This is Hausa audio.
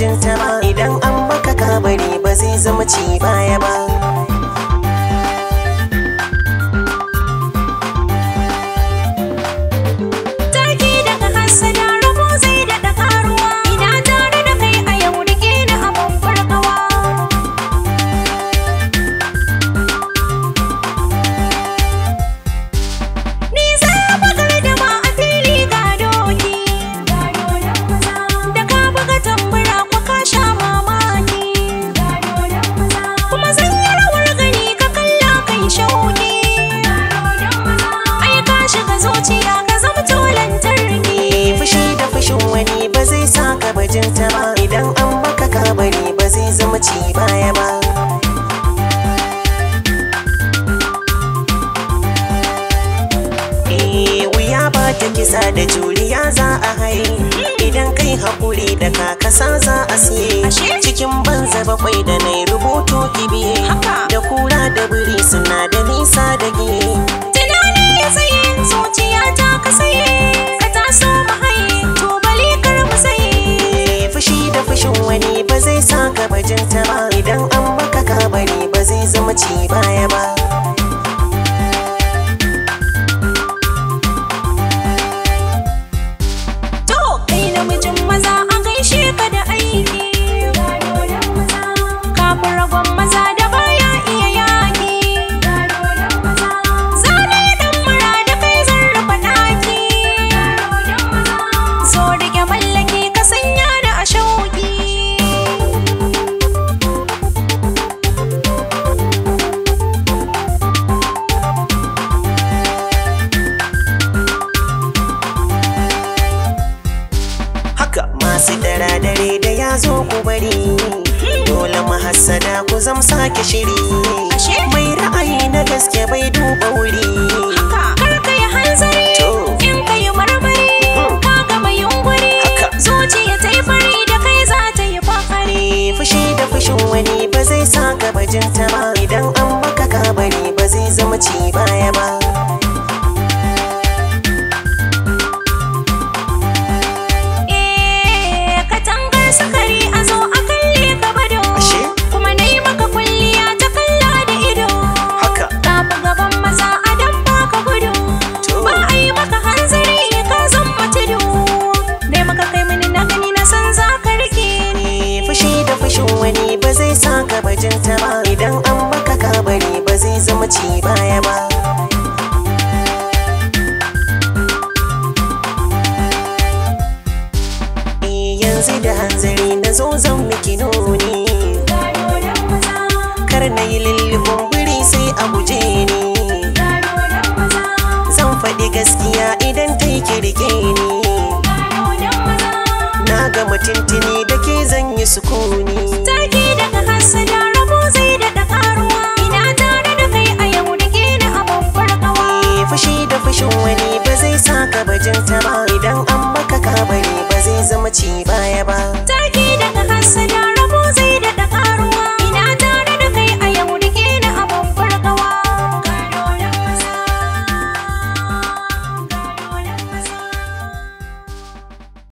jinta ba idan an baka kabari ba zai zama ci baya ba jin ba idan an baka kabari ba zai zama ci baya ba eh, wuya ba ta kisa da juriya za a hai idan kai haƙuri da kakasa za a siye cikin banza bakwai da nai rubutu kibiye da kura da biri suna da nisa da giye haka masu dara dare da ya zo ku bari dole mahassada ku zam sake shiri mai ra'ayi na gaske bai duba wuri yanzu da hanzari na zo zan miki noni kar na yi lullubin wuri sai a guje ni zan faɗi gaskiya idan ta yi kirge ni na ga mutuntuni da ke zan yi sukuni take daga hasada